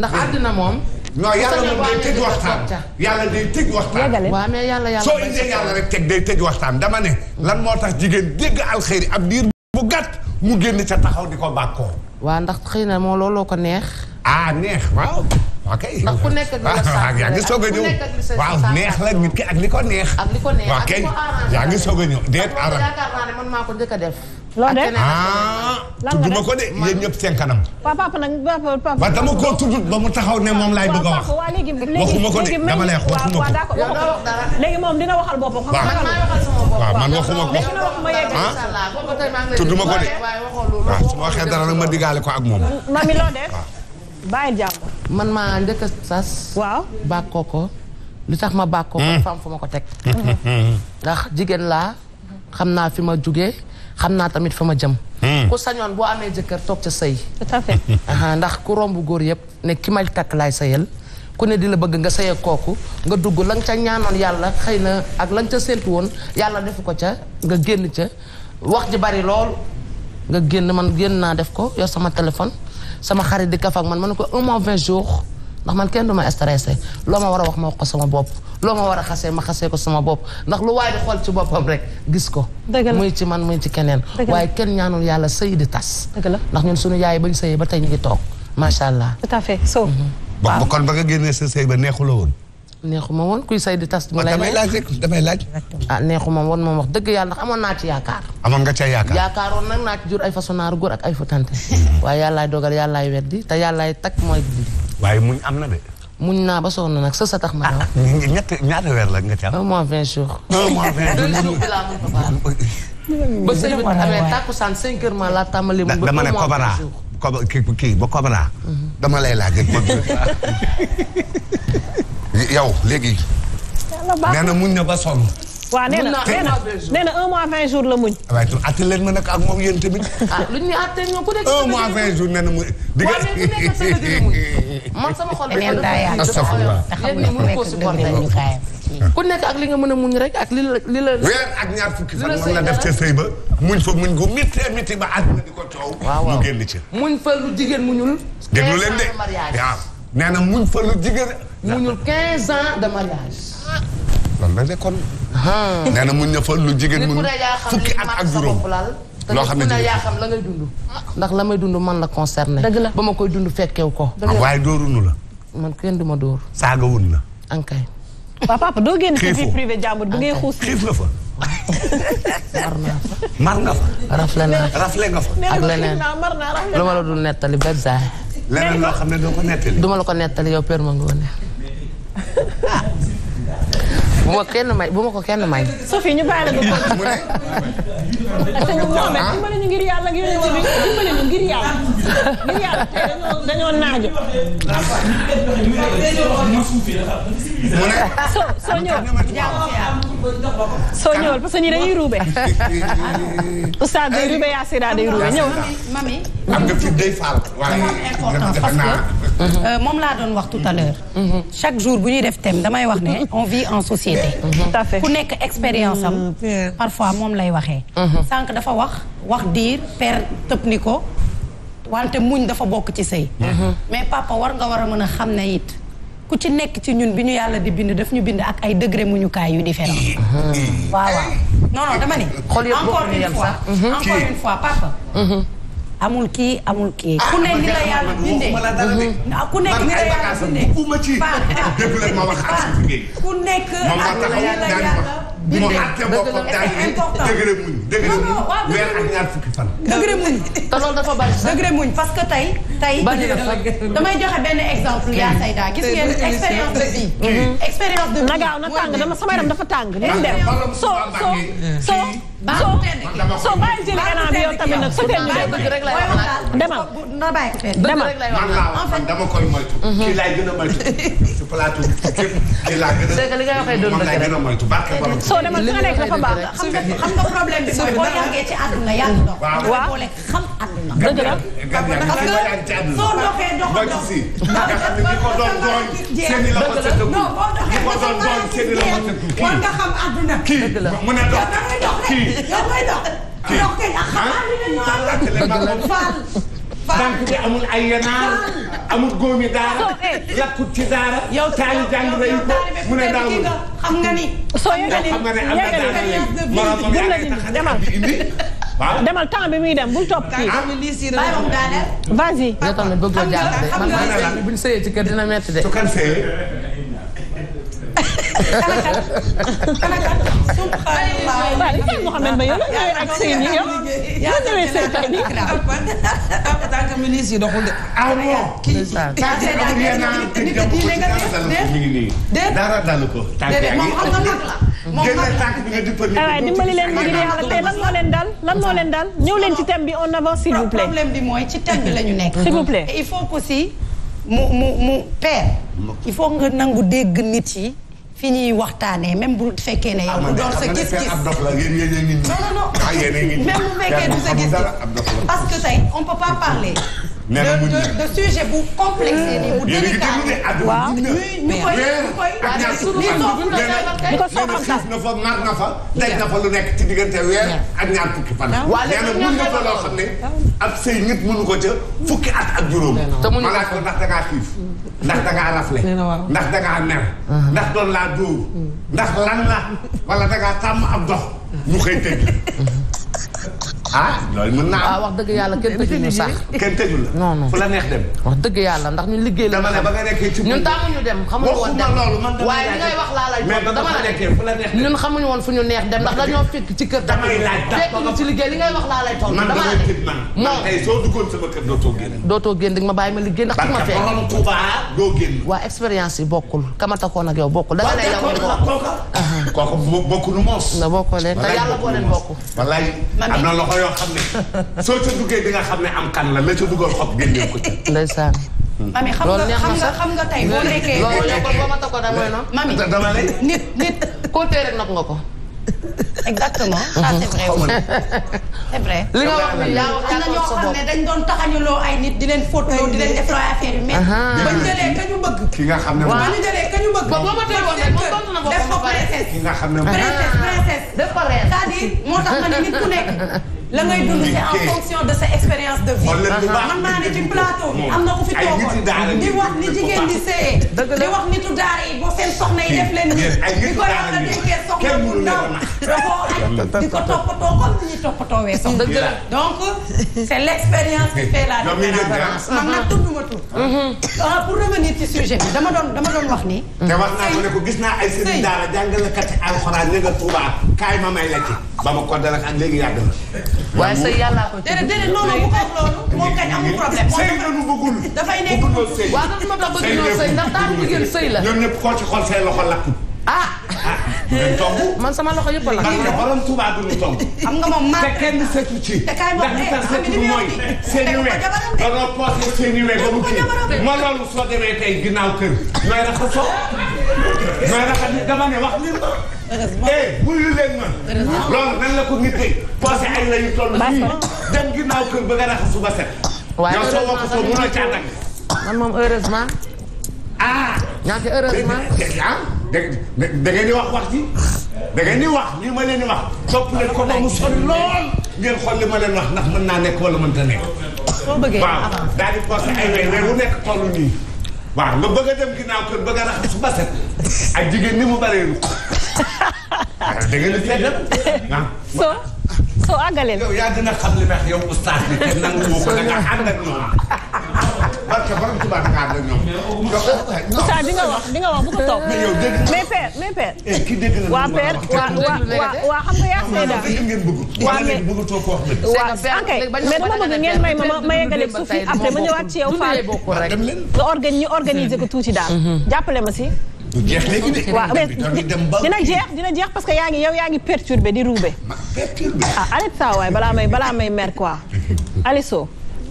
ndax àddina moom. non yàlla moom day tëj waxtaan yàlla day tëj waxtaan. yàlla yàlla soo indee yàlla teg day tëj waxtaan dama ne. lan moo tax jigéen dégg alxeeri ab diir bu gàtt mu génn ca taxaw di ko bàkkoo. waaw ndax xëy na moo looloo ko neex. ah neex waaw. ok ndax ku nekk ak li sa yaa ngi soog a ñëw waaw neex nit ki ak li ko neex. ak li ko neex ak li ko arrangé yaa a ñëw déet arrangé. man maa ko njëkk a def. loolu de ah, ma ko de yéen seen kanam. mu taxaw ne moom laay ma ko de. waaw su ma waxee dara nag ma digaale ko ak moom. mami loo def. bàyyi jàmm. man maa njëkk sas. waaw bàkkoo lu tax ma bàkkoo ko. fam hmm. fu ma ko teg. ndax jigéen laa xam naa fi ma jugee. xam naa tamit fa ma jëm. Hmm. ku sañoon boo amee jëkkër toog ca sëy. ndax ku romb góor yëpp ne ki may takk laay sëyal ku ne di la bëgg nga sëyee kooku nga dugg la ca ñaanoon yàlla xëy na ak la ca séntu woon yàlla defu ko ca nga génn ca wax ji bari lool nga génn man génn naa def ko yor sama téléphone sama xarit di kaf ak man man ko un mois vingt jours ndax man kenn du ma stressé loo ma war a wax ma wax ko sama bopp. loo ma war a xasee ma xasee ko sama bopp ndax lu waaye di xool ci boppam rek gis ko muy ci man muy ci keneen waaye kenn ñaanul yàlla sëy di tas ndax ñun suñu yaay bañ sëyee ba tey ñu ngi toog macha allah tout à fait mhm. kon ba nga génnee sa sëy ba neexula woon neexuma woon kuy say di tas ma lay damay laaj rek damay laaj ah ma woon moom wax dëgg yàlla ndax amoon naa ci yaakaar amoon nga ca yaakaar yaakaaroon nag naa ci jur ay façon naaru góor ak ay fatante mhm. waaye yàllaay dogal yàllaay weddi te yàllaay takk mooy dindi waaye muñ am na bi muñ naa ba sonn nag sa sa tax ma daw. Ah, ah, ñett ñaata la nga ci ba sëy bi amee takkusaan ma laa tàmbalee. ba dama ne Kobana kii ba Kobana. dama lay laaj yow léegi. na muñ na ba sonn. waaw nee na nee na un mois vingt jours la muñ. waaye ma nag ak moom yéen tamit. ah nekk un mois vingt jours nee na mu. di nga man sama xol nekk ak li nga mën a muñ rek ak li la li la. weer ak ñaar fukki fan mën na def ca sëy ba muñ fa muñ ba àdduna di ko coow. mu génn ci. muñ fa lu jigéen muñul. déglu leen de waaw nee na muñ fa lu jigéen. muñul 15 ans de mariage. loolu nag de kon. nee na lu jigéen mun fukki at ak juróom loo xam ne dina ah. la may dund man la concerné. dëgg ba ma koy dund fekkew ko. Ah, waaye dóorunu la. man kenn du ma dóor. saaga wun la. ankay. waa papa doo génn ci vie privée jàmbur bi ngay xuus. xiif nga fa. mar naa fa. mar nga fa. rafle naa nga fa. ak leneen lu ma la dul nettali benn saa leneen loo xam ne doo ko nettali. du ma la ko nettali yow Père bu ma kenn may bu ma ko kenn may. Sophie ñu bàyyi la nga mu ne. te ñu Mohamed dimbali ñu ngir yàlla ngir yonent bi dimbali ñu ngir yàlla ngir yàlla tey dañoo dañoo naajo. mu ne. soo soo ñëw jàmm si yàlla. soo ñëwal parce que ñi dañuy ruube. oustaz day ruube Yaasira day ruube ñëw. mami am nga fi day faal. waaye moom laa doon wax tout à l'heure uh-huh. chaque jour bu ñuy def thème damay wax ne on vit en société. Uh-huh. tout nekk expérience am. Uh, parfois moom lay waxee. Uh-huh. sànq dafa wax wax diir per tëb ni ko wante muñ dafa bokk ci sëy mais papa war nga war a mën a xam ne it. ku ci nekk ci ñun bi ñu yàlla di bind daf ñu bind ak ay degré muñukaay yu différent waaw waaw non dama ne encore une fois encore une fois amul kii amul kii ku nekk ni la yàlla bindee ku nekk ni la yàlla bindee ku nekk ak ni la yàlla dëgg dëgg muñ te loolu dafa bari dëgg muñ parce que tey tey damay joxe benn exemple yaa sayda gis ngeen expérience de vie expérience de vie na gaaw na tàng dama sama yaram dafa tàng ni ah, mu dem soo soo soo soo soo bàyyi jëli gànnaaw bi yow tamit nag sotee ñu dem demal demal man laa wax man dama koy moytu. kii mhm. laay gën a moytu si plateau bi képp kii laa gën a. dëgg li nga waxee doon dëgg rek moytu barke borom. soo demal fi nga nekk dafa baax. xam nga xam nga problème bi mooy boo yàggee ci àdduna yàlla dox. waaw boole xam àdduna. dëgg la soo doxee doxandoo. nga xam ne ñi ko doon doon seen i la ko tëdd. ñi ko doon doon seen i la ko tëdd. war nga xam àdduna. kii mu ne dox kii koy doxal. ndox kay ak xabaar faal banque bi amul ay yanaar amul góomi daara lakkut ci daara. yow taali jàng reyu ko mu ne daawul xam nga ni. soo yëgalee yëgalee waaw demal temps bi muy dem bul topp kii. ah vas-y. yow tamit bëggoo jàng de man man bu ñu sëyee ci kër dina métti de. su kan sëyee. ministre yi doxul de. ah non. tey lan moo leen dal lan moo leen dal ñëw leen ci thème bi on avance s'il ci thème la ñu nekk. s'il vous plaît. il faut aussi mu mu mu père. il faut nga nangu dégg nit yi. fi ñuy waxtaanee même bu fekkee ne yow. du ah, doon sa gis-gis ab dof la yéen yéen a ngi. non non non ah, même bu fekkee du sa gis-gis parce que tey on peut pas parler. nee na mujj na de sujet bu complexe nii bu délicat waaw ñu ñu koy ñu koy ñu ko soxal na fa mar na fa. daj na fa lu nekk ci diggante weer ak ñaar fukki fan. waaw nee na mun na fa loo xam ne ab sëy nit mënu ko ca fukki at ak juróom. te mu laaj ko ndax da ngaa xiif. ndax da ngaa rafle. ndax da ngaa mer. ndax doon laa dóor. Mm. ndax lan la wala da ngaa tàmm ab dox. ñu koy tëj. ah loolu mën naa ah, wax dëgg yàlla kenn tëjuñu sax kenn tëju la non fu la neex dem wax dëgg yàlla ndax ñun liggéey la dama ne ba nga nekkee ci ñun dem xamuñu woon xamuñu woon fu ñu neex dem ndax dañoo fekk ci kër damay laaj fekk ci liggéey li ngay wax man dama ne soo duggoon sama kër dootoo génn di ma bàyyi ma liggéey ndax ki ma fekk waa expérience yi bokkul kamatakoon ak yow bokkul da nga ne yow kooku bokkul moos na bokkoo leen te yàlla boo leen bokk am na loxo yoo xam soo ca duggee di nga xam ne am kan la la ca duggal xob génnee ko ca. ndeysaan. Hmm. mami xam nga xam nga ko damay noonu. mami dama lay nit koo tee rek nopp ko. exactement. ah c'est vrai c'est vrai. li nga wax ni yaa am na ñoo xam ne dañ doon taxañuloo ay nit di leen fotloo di leen def affaire yu mais bañ jëlee ka ñu bëgg. ki nga xam ne moom bañ jëlee ka ñu bëgg. ba boo ma tey woon rek moom doon na boppam ba pare. ki nga xam ne moom princesse princesse de Corée. c'est-à-dire moo tax ma ne nit ku nekk. la ngay dund c'est en hmm. fonction de sa expérience de vie. man naa ne ci plateau bi am na ku fi toogoon di wax ni jigéen di seeyee. di wax nitu daara yi boo seen soxna yi def leen nii. di ko yàlla dénkee soxna bu ndaw da koo aj di ko toppatoo comme ni ñuy toppatoowee soxna. dëgg la donc c'est l'expérience qui fait la différence. man nag tudd ma tudd. Mhm. Euh, pour revenir ci sujet bi dama doon dama doon wax ni. te wax naa ko ne ko gis naa ay sëriñ daara jàngalekat yi alxuraan ne nga Tuubaa kaay ma may la ci. ba ma ko dalal ak léegi yàgg na. waaye sa yàllaa ko. déedéet déedéet non non bu ko wax loolu. moom kañ amul problème moom sëy la nu bëggul. dafay nekk bëggul woon sëy. waaw dafa ma tax bëgg noonu sëy ndax daal jigéen sëy la. ñoom ñëpp koo ci xool seen loxo lakku. ah. ah man sama loxo yëpp la. parce que borom Touba du ñu togg. xam nga moom maa te kenn seetu ci. te kaay moom ndax li tax eh, mooy seeni we danoo poosé seeni we ba mu kii ma loolu soo demee tey ginnaaw kër ñooy raxasoo mooy rafet ni dama ne wax ngeen ko. eh wuyu leen ma. loolu nan la ko nit yi. poosé ay la yu toll nii dem ginnaaw kër ba nga raxas suba set. waaye yow soo wokk soo mënoo caa nag. man moom heureusement. ah. ñaata heureusement. ah da ngeen di wax wax ji. da ngeen di wax lii ma leen di wax. topp leen ko ba mu sori lool. ngeen xool li ma leen wax ndax mën naa nekk wala mënta nekk. soo bëggee waaw daal di poosé ay weer weer wu nekk tollu nii. waaw nga bëgg a dem ginnaaw kër ba nga raxas suba set. ak jigéen ni mu bëree ruq. dëgg la dëgg la soo soo àggaleel. yow yaa dina xam li ma yow oustaz bi te nangu woo ko da nga ànd ak ñoom. parce que borom tubaab nga ànd ak ñoom. oustaz di nga wax di nga wax bu ko toog. mais yow dégg mais père mais père. Eh, ki dégg na waa père waa waa waa xam nga yaa Seyda. dëgg ngeen bëgg. waa mais bëggatoo ko wax dëgg. waaw ok mais dama bëgg ngeen may ma ma yeggale suuf yi après ma ñëwaat ci yow Fall. Ah, nga organiser ko tuuti daal. Mm-hmm. jàppale ma si. dina jeex dina parce que yaa ngi yow yaa ngi perturbé di ruube. ma perturbé ah balaa may balaa may mer fi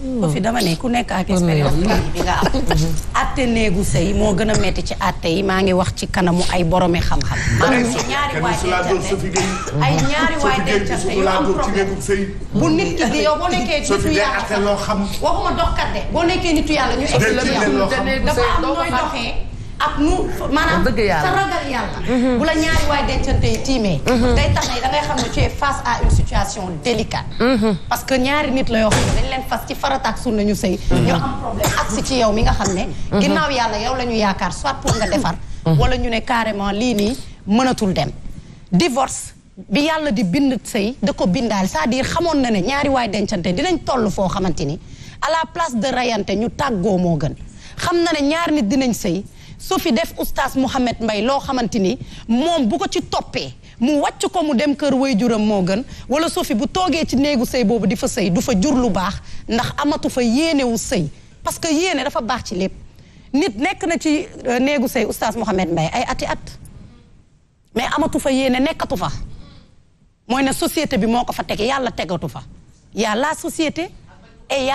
mm. dama ne ku nekk ak expérience bi nga am mm-hmm. atte néegu sëy moo gën a metti ci atte yi maa ngi wax ci kanamu ay boromi xam-xam ñaari waay dencante mm-hmm. ay ñaari waay dencante yu am problème bu nit ki di yow boo nekkee nitu yàlla boo nekkee nitu yàlla dafa am nooy doxee ak nu maanaam sa ragal yàlla mhm. bu la ñaari waay dencante yi tiimee mhm. day tax ne da ngay xam ne situation délicate mhm. que ñaari nit la yoo xam ne dañ leen fas ci farataak sunna ñu sëy ñu am problème ak ci yow mi nga xam ne ginnaaw yàlla yow la ñu yaakaar soit pour nga defar wala ñu ne carrément lii nii mënatul dem divorce bi yàlla di bind sëy da ko bindaal cest diir xamoon na ne ñaari waay dencante dinañ toll foo xamante ni à la place de rayante ñu tàggoo moo gën xam na ne ñaari nit dinañ sëy su fi def oustaz Mouhamed mbay loo xamante ni moom bu ko ci toppee mu wàcc ko mu dem kër waajuram moo gën wala sofi bu toogee ci néegu sëy boobu di fa sëy du fa jur lu baax ndax amatu fa yéenewu sëy parce que yéene dafa baax ci lépp nit nekk na ci euh, néegu sëy oustaz Mouhamed mbay ay ati at mais amatu fa yéene nekkatu fa mooy na société bi moo ko fa teg yàlla tegatu fa y société et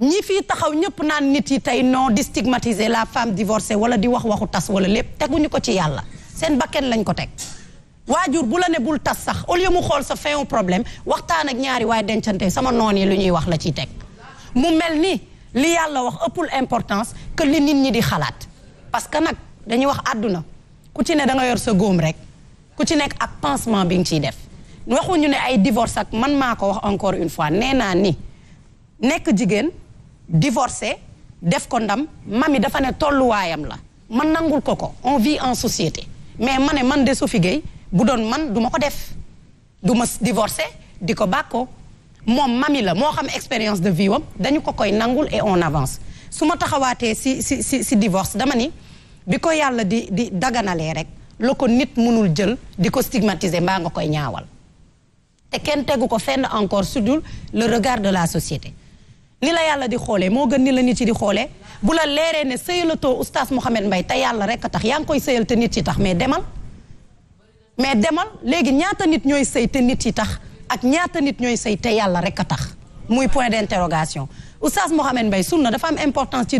ñi fii taxaw ñëpp naan nit yi tey non di stigmatiser la femme divorcée wala di wax waxu tas wala lépp teguñu ko ci yàlla seen bakken lañ ko teg waajur bu la ne bul tas sax au mu xool sa fin problème waxtaan ak ñaari waaye dencante sama noon yi lu ñuy wax la ciy teg mu mel ni li yàlla wax ëppul importance que li nit ñi di xalaat parce que nag dañuy wax àdduna ku ci ne da nga yor sa góom rek ku ci nekk ak pansement bi nga ciy def waxuñu ne ay divorce ak man maa ko wax encore une fois nee naa ni nekk jigéen divorcé def ko ndam mami dafa ne tolluwaayam la man nangul ko ko on vit en société mais ma ne man de Sophie Gueye bu doon man du ma ko def du ma divorcé di ko bàkkoo moom mami la moo xam expérience de vie wam dañu ko koy nangul et on avance su ma taxawaatee si si si si divorce dama ni bi ko yàlla di di daganalee rek la ko nit mënul jël di ko stigmatiser mbaa nga koy ñaawal te kenn tegu ko fenn encore sudul le regard de la société ni la yàlla di xoolee moo gën ni la nit yi di xoolee bu la leeree ne sëyalatoo oustaz Mouhamed Mbaye te yàlla rek a tax yaa ngi koy sëyal te nit yi tax mais demal mais demal léegi ñaata nit ñooy sëy te nit yi tax ak ñaata nit ñooy sëy te yàlla rek a tax muy point d'interrogation oustaz Mouhamed Mbaye sunna dafa am importance